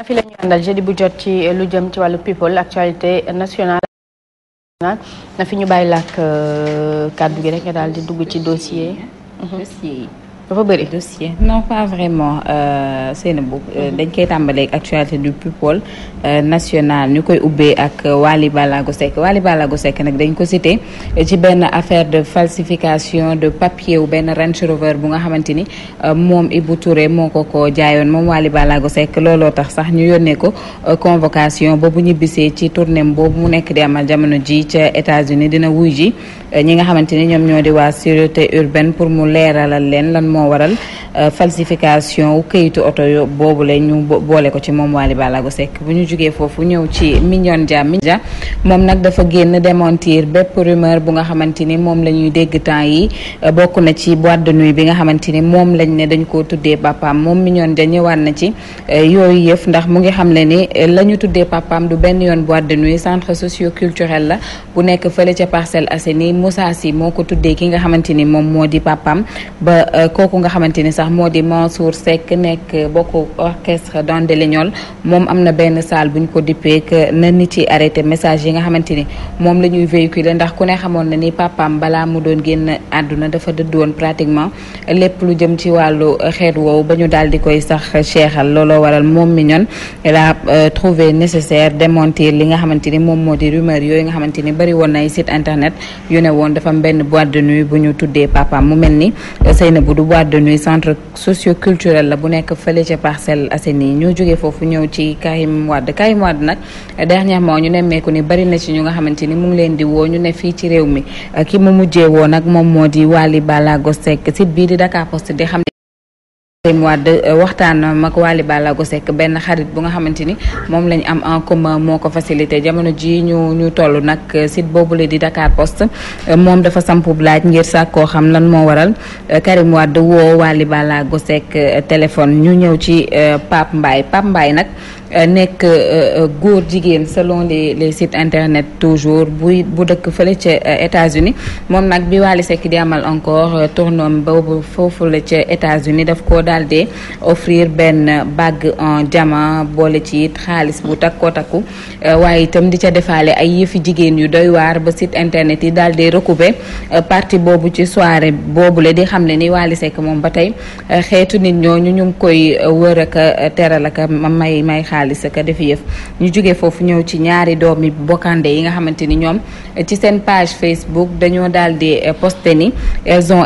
na fi la ñu àndal jeudi bu jot ci lu jëm ci wàllu people actualité nationale na fi ñu bàyyi làkk euh, kàddu gi rek nga daal di dugg ci dossier dafa bëri dossier non pas vraiment euh, Seynabou euh, dañ koy tàmbalee ak actualité du people euh, national ñu koy ubbee ak Waly Ballago Seck Waly Ballago Seck nag dañ ko cité ci benn affaire de falsification de papier wu benn Range Rover bu nga xamante ni moom Ibou ture moo ko ko jaayoon moom Waly Ballago Seck looloo tax sax ñu yónnee ko convocation boobu ñibbisee ci tournée boobu mu nekk di amal jamono ji ca États-Unis dina wuy ji ñi nga xamante ñoom ñoo waa sûreté urbaine pour mu leeralal moo waral euh, falsification wu këyitu oto boobule ñu boole ko ci moom Waly Ballago Seck bu ñu jugee foofu ñëw ci Mignone Dia Mignone moom nag dafa génn démentir bépp rumeur bu nga xamante ni moom la ñuy dégg temps yi euh, bokk na ci boîte de bi nga xamante ni moom lañ ne dañ koo tuddee papaam moom Mignone Dia ñëwaat na ci euh, yooyu yëf ndax mu ngi xam ne ni la ñu tuddee papaam du benn yoon boîte de nuit centre socioculturel la bu nekk fële ca Parcelles Assainies Moussa Sy moo ko tuddee ki nga xamante ni moom moo di papaam ba ku nga xamante ni sax moo di Mansour Seck nekk bokk orchestre Dandelignolle moom am na benn salle bu ñu ko dippee que na nit yi arrêté message yi nga xamante ni moom la ñuy véhiculer ndax ku ne xamoon na ni papaam balaa mu doon génn àdduna dafa dëdd woon pratiquement lépp lu jëm ci wàllu xeet woowu ba ñu daal di koy sax seexal looloo waral moom mi ñoon la euh, trouvé nécessaire démentir li nga xamante ni moom moo di rumeur yooyu nga xamante ni bari woon na ay internet ne woon dafa benn boîte de nuit bu ñu tuddee papaam mu mel ni boîte de nuit centre socioculturel la bu nekk fële ca Parcelles Assainies ñu foofu ñëw ci Karim Wade Karim Wade nag dernièrement ñu nemmeeku ni bari ci ñu nga xamante ni mu leen di woo ñu ne fii ci réew mi ki mu mujjee woo nag moom moo di Wally Ballago Seck site bii di Dakar Post di xam Karim Wade eh, waxtaan mag Waly Ballago Seck benn xarit bu nga xamante ni moom lañ am en comment moo ko facilité jamono ji ñu ñu toll nag boobu eh, boobule di Dakar Post eh, moom dafa sampu laaj ngir sàkkoo xam lan moo waral Karim Wade woo Waly Ballago Seck téléphone ñu ñëw ci Pape Mbaye Pape Mbaye nag Euh, nekk euh, euh, góor jigéen salon les site internet toujours buy bu dëkk fële ca États-Unis moom nag bi Wally Seck di amal encore tournoom boobu foofu la ca États-Unis daf ko daal di offrir benn bagg en diamant boole ci it xaalis bu takkoo takku waaye itam di ca defaale ay yëfi jigéen yu doy waar ba site internet yi daal di recouper partie boobu ci soirée le di xam ne ni Wally Seck moom ba tey xeetu nit ñooñu ñu koy wër ak teral may may xaalis xaalis ak def yëf ñu jógee foofu ñëw ci ñaari doomi bokkande yi nga xamante ñoom eh, ci seen page Facebook dañoo daal di eh, ni elles ont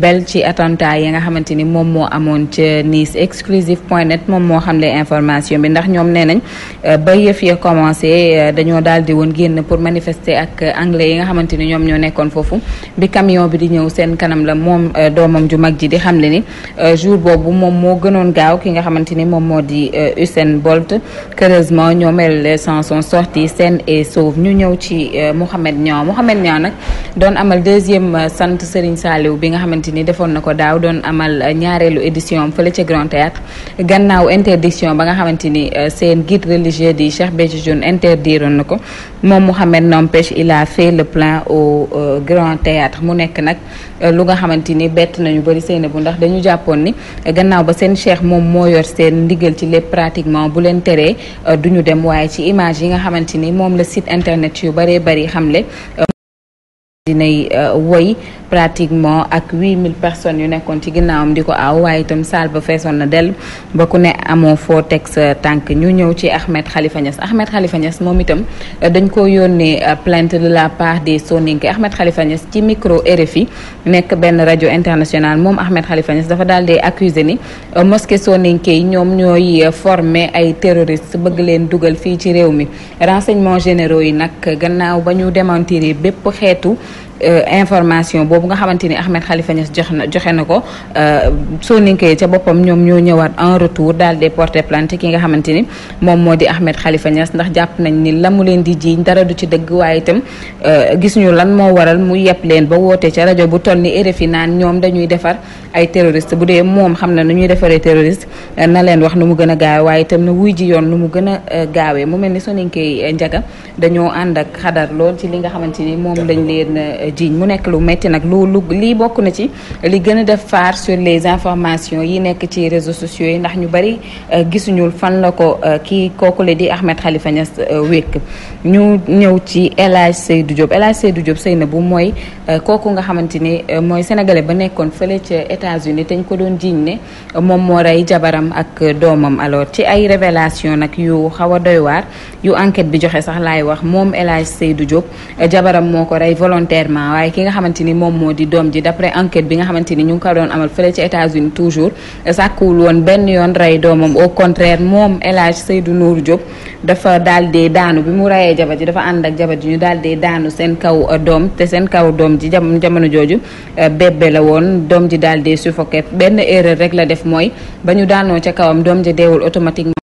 belle ci attentat yi nga xamante moom moo xamle information bi ndax ñoom nee eh, ba yëf ya commencé dañoo daal di woon génn pour manifester ak anglais yi nga xamante ñoom ñoo nekkoon foofu bi camion bi di ñëw seen kanam la moom doomam ju mag ji di xamle ni jour boobu moom moo gënoon gaaw ki nga xamante ni moom moo di Usain Bolt révolte heureusement ñoom elles s'en sont sorties saines ci euh, Mouhamed Niang doon amal deuxième euh, sant Serigne Saliou bi nga xamante ni defoon na ko daaw doon amal euh, ñaareelu édition am fële ca Grand Théâtre gannaaw ba nga xamante ni seen guide religieux di Cheikh Béthio Thioune interdiroon na ko moom Mouhamed n'empêche il a fait le plein au Grand Théâtre mu nekk nag lu nga xamante bett nañu bëri seen bu ndax dañu jàppoon ni gannaaw ba seen cheikh moom moo yor seen ndigal ci lépp pratiquement bu leen euh, du ñu dem waaye ci image yi nga xamante ni moom la site internet yu bëree bëri le dinay euh, woy pratiquement ak 8000 personnes yu nekkoon ci ginnaawam di ko aaw waaye itam saal ba na dell ba ku ne amoo foo teg sa tànk ñu ñëw ci Ahmed Khalifa Niass Ahmed Khalifa Niass moom itam euh, dañ ko yonne euh, plainte de la part des soninke Ahmed Khalifa Niass ci micro RFI nekk benn rajo internationale moom Ahmed Khalifa Niass dafa daal di accusé ni mosquée soninke yi ñoom ñooy former ay terroristes bëgg leen dugal fii ci réew mi renseignements généraux yi nag gannaaw ba ñu démentir bépp xeetu Euh, information boobu nga xamante ni Ahmed Khalifa Niass jox na joxe na ko euh, Soninke ca boppam ñoom ñoo ñëwaat en retour daal di porter plainte ki nga xamante ni moom moo di Ahmed Khalifa ndax jàpp nañ ni la mu leen di jiiñ dara du ci dëgg waaye itam euh, gis ñu lan moo waral mu yeb leen ba woote ca rajo bu toll ni RFI naan ñoom dañuy defar ay terroriste bu dee moom xam na nu ñuy defaree terroriste na leen wax nu mu gën a gaawee waaye itam na wuy ji yoon nu mu gën gaawee mu mel ni Soninke njaga dañoo ànd ak xadar lool li nga xamante ni moom lañ leen jiiñ mu nekk lu métti nag lu lu lii bokk na ci li gën a def faar sur les informations yi nekk ci réseaux sociaux yi ndax ñu bari euh, gisuñul fan la ko euh, kii kooku le di Ahmed Khalifa Niass euh, wékk ñu ñëw ci El Hadj Seydou Diop El Hadj Seydou Diop na bu mooy kooku nga xamante ni mooy sénégale ba nekkoon fële ca États-Unis te ko doon jiiñ ne moom moo rey jabaram ak doomam alors ci ay révélation nag yu xaw a doy waar yu enquête bi joxe sax lay wax moom El Hadj Seydou Diop jabaram moo ko rey finalement waaye ki nga xamante ni moom moo di doom ji d'après enquête bi nga xamante ni ñu ngi ko doon amal fële ci États-Unis toujours sàkkuwul woon benn yoon rey doomam au contraire moom élage Hadj Seydou Nour Diop dafa daal dee daanu bi mu reyee jabar ji dafa ànd ak jabar ji ñu daal dee daanu seen kaw euh, doom te seen kaw doom ji jamono jooju euh, bébé la woon doom ji daal dee suffoqué benn erreur rek la def mooy ba ñu daanoo ca kawam doom ji deewul automatiquement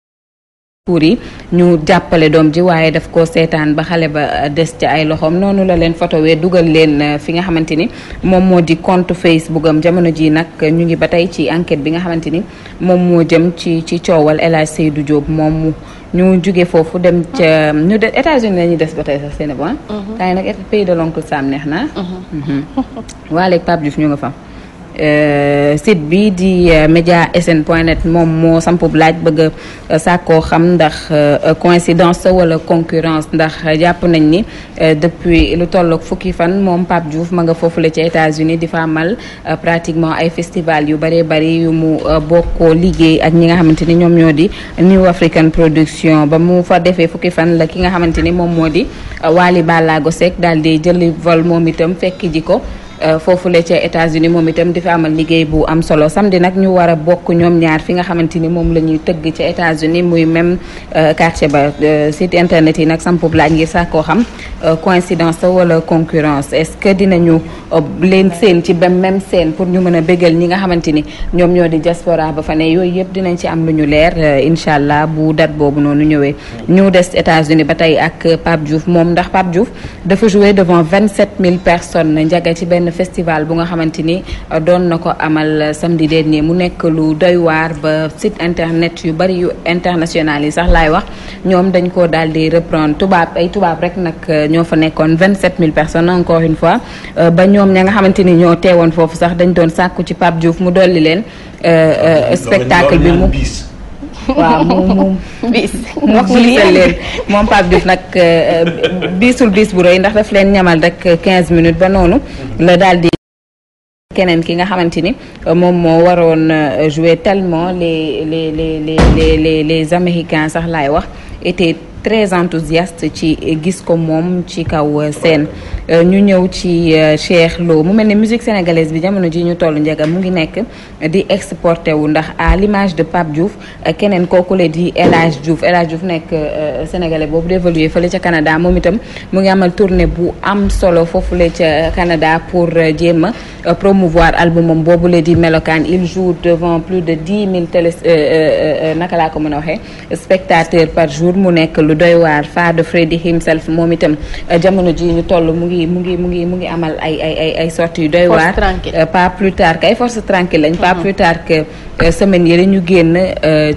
pour yi ñu jàppale doom ji waaye daf ko seetaan ba xale ba euh, des ci ay loxoom noonu la leen fotowee dugal leen euh, fi nga xamante ni moom moo di compte Facebook jamono ji nag ñu ngi ba tey ci enquête bi nga xamante ni moom moo jëm ci ci coowal El Hadj Seydou Diop moom ñu jóge foofu dem ca ah. ñu de États-Unis la ñuy des ba tey sax Sénégal. waaye mhm. nag pays de l'oncle Sam neex na. Mhm. Mhm. waa léegi Pape Diouf ñu nga fa. Euh, site bi di euh, média sn point net moom moo samp laaj bëgg a euh, sàkkoo xam ndax coïncidence wala concurrence ndax jàpp nañ ni depuis lu tolloog fukki fan moom Pape Diouf ma nga foofu la ci États-Unis di fa amal pratiquement ay festival yu bëree bëri yu mu bokkoo liggéey ak ñi nga xamante ni ñoom ñoo di New African Production ba mu fa defee fukki fan la ki nga xamante ni moom moo di Wally Ballago Seck daal di jëli vol moom itam fekk ji ko Euh, foofu le ca États-Unis moom itam di fa liggéey bu am solo samedi nag ñu war a bokk ñoom ñaar fi nga xamante ni moom la ñuy tëgg ca États-Unis muy même euh, quartier ba euh, site internet yi nag samp laa ngir sax koo xam coïncidence wala concurrence est-ce que dina dinañu leen seen ci ba même seen pour ñu mën a bégal ñi nga xamante ni ñoom ñoo di diaspora ba fa ne yooyu yëpp dinañ ci am lu ñu leer euh, incha allah bu date boobu noonu ñëwee. ñu des États-Unis ba tey ak Pape Diouf moom ndax Pape Diouf dafa jouer devant 27000 personnes njaga ci benn festival bu nga xamante ni euh, doon na ko amal samedi dernier mu nekk lu doy waar ba site internet yu bari yu international yi sax laay wax ñoom dañ ko daal di reprendre tubaab ay tubaab rek nag euh, ñoo fa nekkoon 27000 personnes encore une fois ba ñoom ña nga xamante ni ñoo teewoon foofu sax dañ doon sàkku ci Pape Diouf mu dolli leen euh, euh, spectacle bi mu waaw moom moom biis wax mu liisal moom Pape Diouf nag euh, biisul biis bu rëy ndax daf leen ñamal rek quinze minutes ba noonu la daal di keneen ki nga xamante ni moom moo waroon jouer tellement les les les les les les américains sax laay wax était très enthousiaste ci eh, gis ko moom ci kaw eh, seen euh, ñu ñëw ci eh, Cheikh Lo mu mel ni musique sénégalaise bi jamono ji ñu toll njëgam mu ngi nekk di exporté wu ndax à l'image de Pape Diouf keneen kooku la di El Hadj Diouf El Hadj Diouf nekk sénégalais boobu dévolué fële ca Canada moom itam mu ngi amal tournée bu am solo foofule ca Canada pour jéem a promouvoir albumam boobu la di melokaan il joue devant plus de dix mille télé naka laa ko mën a waxee spectateurs Ndour mu nekk lu doy waar Fada Freddy himself moom itam euh, jamono ji ñu toll mu ngi mu ngi mu ngi mu ngi amal ay ay ay ay sorties yu doy waar euh, pas plus tard que ay force tranquille lañ pas mm-hmm. plus tard que euh, semaine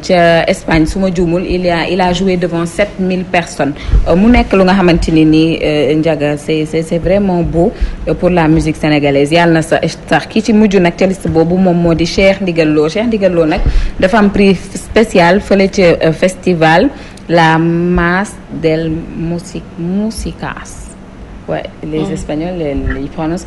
ca Espagne su ma juumul il a il a joué devant 7000 personnes mu nekk lu nga xamante ni nii Ndiaga c'est c'est c'est vraiment beau pour la musique sénégalaise yàlla na sa sax ki ci mujj nag ca liste boobu moom moo di Cheikh Ndigal Lo Cheikh Ndigal Lo nag dafa am prix spécial fële ca festival la más del music, musicas. Ouais, les Espagnols, ils, ils prononcent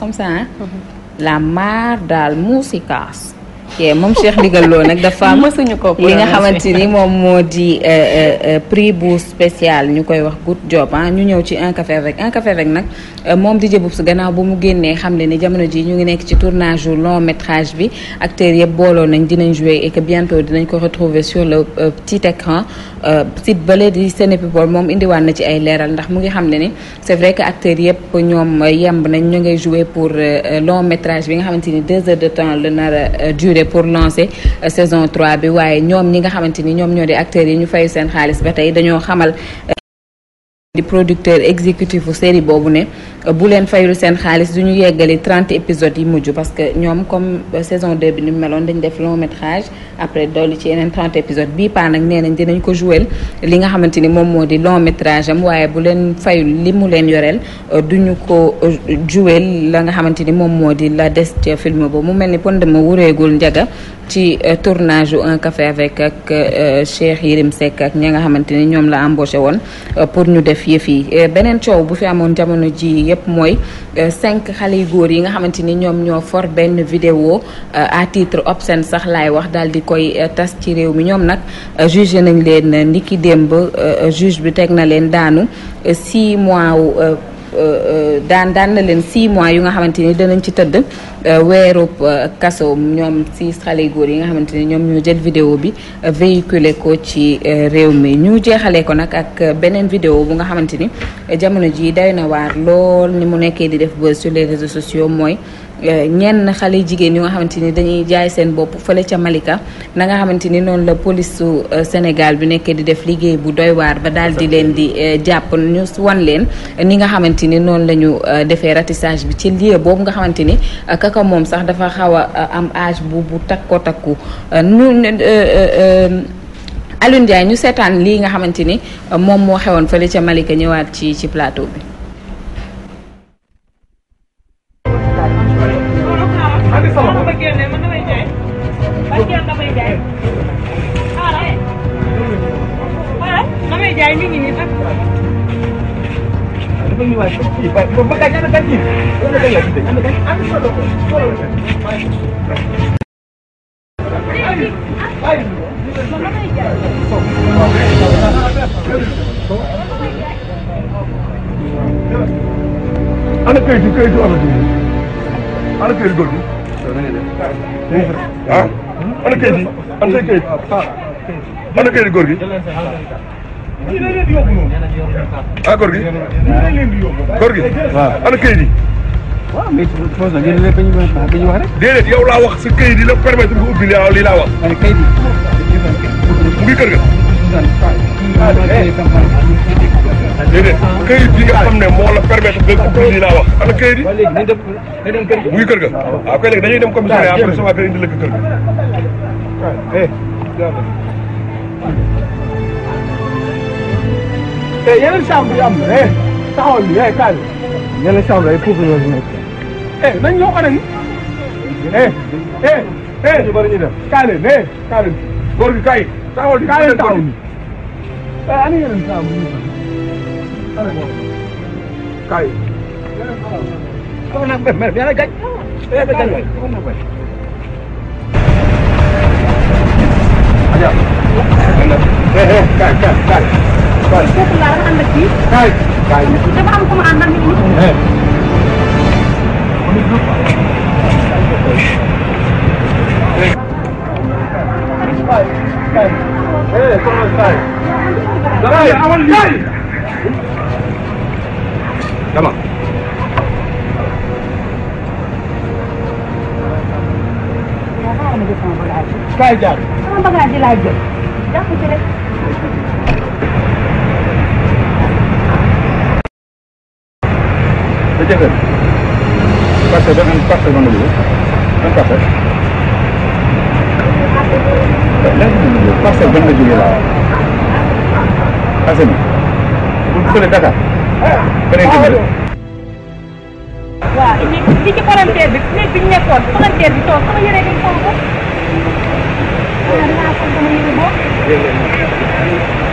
La mar dal musicas. ok moom Cheikh Ndigal Lo nag dafa am mësuñu ko li nga xamante ni moom moo di euh, euh, euh, prix bu spécial ñu koy wax good job ah ñu ñëw ci un café avec un café avec nag moom Dj Boubs gannaaw bu mu génnee xam ne ni jamono ji ñu ngi nekk ci tournage yu long métrage bi acteurs yëpp booloo nañ dinañ jouer et que bientôt dinañ ko retrouver sur le petit écran site bële di Sénépeople moom indiwaan na ci ay leeral ndax mu ngi xam ne ni c'est vrai que acteurs yëpp ñoom bi nga xamante ni de temps a pour lancer euh, saison trois bi waaye ñoom ñi nga xamante ni ñoom ñoo di acteurs yi ñu fayu seen xaalis ba tey dañoo xamal euh, di producteur exécutif u série boobu ne euh, bu leen fayul seen xaalis du ñu yeggali 30 épisodes yi mujj parce que ñoom comme saison 2 bi ni meloon dañ def long métrage après dolli ci yeneen 30 épisodes bii paa nag nee nañ dinañ ko jouer li nga xamante ni moom moo di long waaye bu leen fayul li mu leen yoreel euh, duñu ko euh, jouer la nga xamante ni moom moo di la des ca film bo mu mel ni pon dama wureegul njaga ci euh, tournage u un café avec ak Cheikh Yérim Seck ak ñi nga xamante ni ñoom la embauché woon pour ñu def yëf yi beneen coow bu fi amoon jamono ji yëpp mooy cinq xale yu góor yi nga xamante ni ñoom ñoo for benn vidéo à titre obscène sax laay wax daal di koy eh, tas ci réew mi ñoom nag eh, jugé nañ leen eh, dem ba juge bi teg na leen daanu six mois wu daan daan na leen six mois yu nga xamante ni danañ ci tëdd weerub casso ñoom si xale góor yi nga xamante ni ñoom ñu jël vidéo bi véhiculé ko ci réew mi ñu jeexalee ko nag ak beneen vidéo bu nga xamante ni jamono ji day na waar lool ni mu nekkee di def buzz sur les réseaux sociaux mooy Eh, ñenn xale jigéen yu nga xamante ni dañuy jaay seen bopp fële ca Malika na nga xamante ni noonu la police su eh, Sénégal bi nekkee di def liggéey bu doy waar ba daal di leen di eh, jàpp ñu wan leen ni nga xamante ni noonu la ñu defee ratissage bi ci lieu boobu nga xamante ni kaka moom sax dafa xaw a am âge bu bu takko takku ñu Alioune ñu seetaan lii nga xamante ni moom moo xewoon fële ca Malika ñëwaat ci ci plateau bi ana këyitu këyitu oto bi ana këyitu góor bi ah ana këyit yi ana say këyit ana këyitu góor gi ah góor waaw mais foofu nag yéen lépp dañuy wax rek. déedéet yow laa wax sa kayit di la permettre nga ubbi lii laa wax. waaye kayit yi. mu ngi kër ga. Ah, eh. déedéet kayit bi nga xam ne moo la permettre nga ubbi lii laa wax ana kayit yi. mu ngi kër ga. waaw ah, kay léegi dañuy dem commissariat après sama kër indi la kër ga. te eh, eh, yeneen chambre yi am na eh taxawal bi eh kaay yeneen chambre yi foofu la ñu nekk eh nañ loo xanaa ni. eh eh eh ñu bëri ñu dem. kaa leen eh kaa leen. góor gi kaay. taxawal di kaa leen taxaw nii. eh ani yéen saa bu ñu kaay. kaay. mer mer yàlla gañ. eh ba gañ waay. Adja. eh eh kaay kaay kaay. kaay. kaay. kaay. dafa am ku ma àndal kaay jaar sama bagage yi laa jël jàpp ci rek sa jëkkër Parfait, donne un parfait dans le boulot. Un parfait. Là, le parfait dans le boulot, là. Assez bien. Vous prenez Dakar. Prenez le boulot. waaw ñu ci ci palanteer bi néeg bi ñu nekkoon palanteer bi toog sama yére dañ ko ko. waaw dinaa ko sama yére boobu.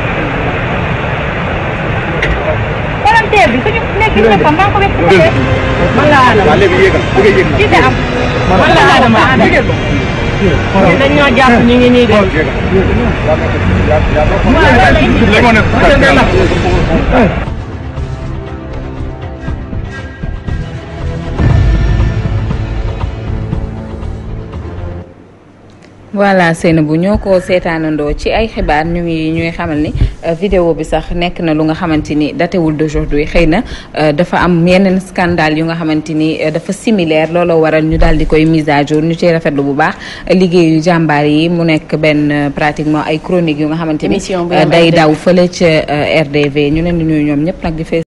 comité bi ku ñu nekk gis nga ko maa ngi ko wekk ko def. man laa Adama waaw léegi yéegal ku koy yéegal. gisee am man laa Adama ah dégg nga. ñun dañu ñoo jàpp ñu ngi nii de. waaw yéegal. voilà bu ñoo ko seetaanandoo ci ay xibaar ñu ngi ñuy xamal ni euh, vidéo bi sax nekk na lu nga xamante ni datewul d'aujourd'hui xëy na euh, dafa am yeneen scandale yu nga xamante ni euh, dafa similaire looloo waral ñu daal di koy mise à ñu ciy rafetlu bu baax liggéeyu jàmbaar yi mu nekk benn pratiquement ay chroniques yu nga xamante ni day daw fële ca RDV ñu leen di nuyu ñoom ñëpp nag di